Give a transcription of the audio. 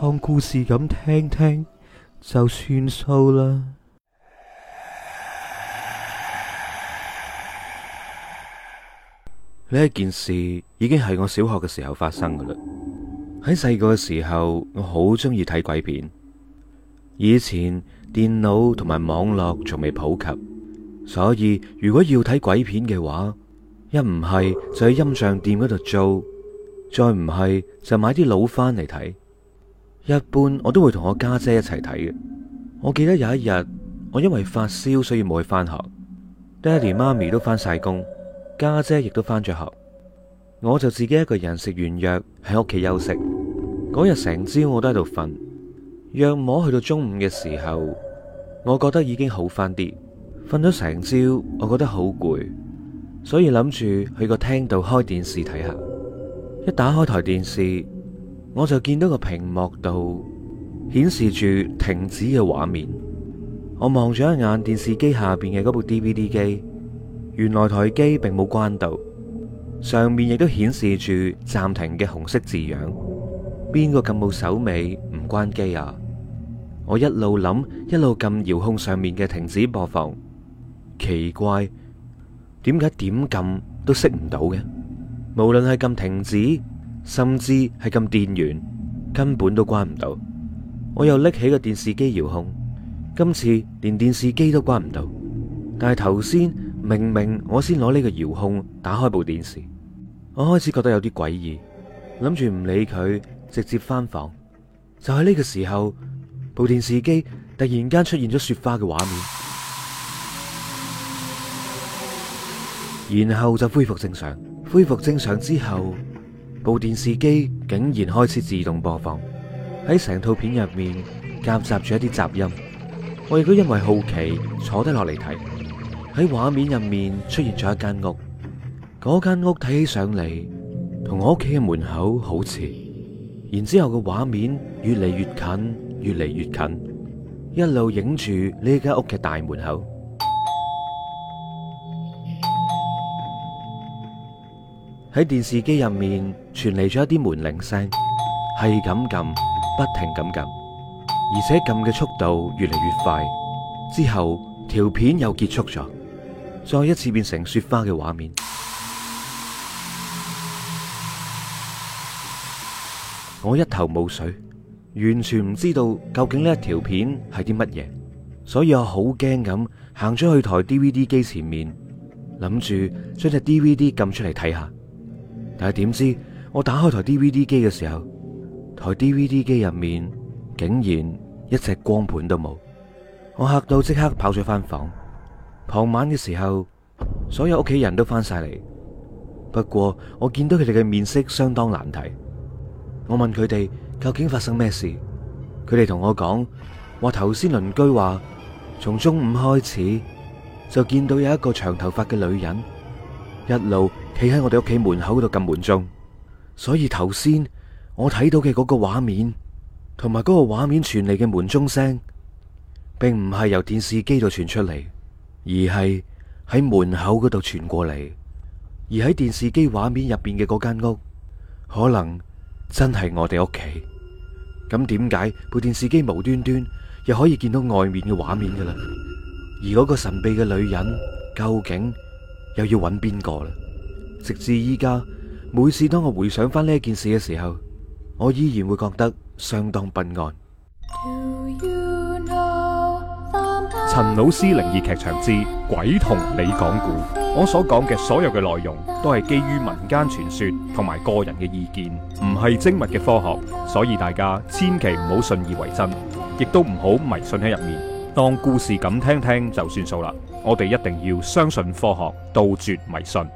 當故事咁聽聽就算數啦。呢一件事已經係我小學嘅時候發生嘅啦。喺細個嘅時候，我好中意睇鬼片。以前電腦同埋網絡仲未普及，所以如果要睇鬼片嘅話，一唔係就喺音像店嗰度租，再唔係就買啲老翻嚟睇。一般我都會同我家姐一齊睇嘅。我記得有一日，我因為發燒，所以冇去翻學。爹哋媽咪都翻晒工，家姐亦都翻咗學，我就自己一個人食完藥喺屋企休息。嗰日成朝我都喺度瞓，約摸去到中午嘅時候，我覺得已經好翻啲。瞓咗成朝，我覺得好攰，所以諗住去個廳度開電視睇下。一打開台電視。我就見到個屏幕度顯示住停止嘅畫面，我望咗一眼電視機下邊嘅部 D V D 機，原來台機並冇關到，上面亦都顯示住暫停嘅紅色字樣。邊個咁冇手尾唔關機啊？我一路諗，一路撳遙控上面嘅停止播放，奇怪，點解點撳都熄唔到嘅？無論係撳停止。甚至係撳電源，根本都關唔到。我又拎起個電視機遙控，今次連電視機都關唔到。但係頭先明明我先攞呢個遙控打開部電視，我開始覺得有啲詭異，諗住唔理佢，直接翻房。就喺呢個時候，部電視機突然間出現咗雪花嘅畫面，然後就恢復正常。恢復正常之後。部電視機竟然開始自動播放，喺成套片入面夾雜住一啲雜音。我亦都因為好奇坐低落嚟睇，喺畫面入面出現咗一間屋。嗰間屋睇起上嚟同我屋企嘅門口好似。然之後個畫面越嚟越近，越嚟越近，一路影住呢間屋嘅大門口。喺電視機入面傳嚟咗一啲門鈴聲，係咁撳，不停咁撳，而且撳嘅速度越嚟越快。之後條片又結束咗，再一次變成雪花嘅畫面。我一頭霧水，完全唔知道究竟呢一條片係啲乜嘢，所以我好驚咁行咗去台 D V D 機前面，諗住將隻 D V D 撳出嚟睇下。但係點知我打開台 DVD 機嘅時候，台 DVD 機入面竟然一隻光盤都冇，我吓到即刻跑咗翻房。傍晚嘅時候，所有屋企人都翻晒嚟，不過我見到佢哋嘅面色相當難睇。我問佢哋究竟發生咩事，佢哋同我講話頭先鄰居話，從中午開始就見到有一個長頭髮嘅女人。一路企喺我哋屋企門口度撳門鐘，所以頭先我睇到嘅嗰個畫面，同埋嗰個畫面傳嚟嘅門鐘聲，並唔係由電視機度傳出嚟，而係喺門口嗰度傳過嚟。而喺電視機畫面入邊嘅嗰間屋，可能真係我哋屋企。咁點解部電視機無端端又可以見到外面嘅畫面㗎喇？而嗰個神秘嘅女人究竟？又要搵邊個啦？直至依家，每次當我回想翻呢件事嘅時候，我依然會覺得相當不安。陳老師靈異劇場之鬼同你講故，我所講嘅所有嘅內容都係基於民間傳說同埋個人嘅意見，唔係精密嘅科學，所以大家千祈唔好信以為真，亦都唔好迷信喺入面，當故事咁聽聽就算數啦。我哋一定要相信科學，杜絕迷信。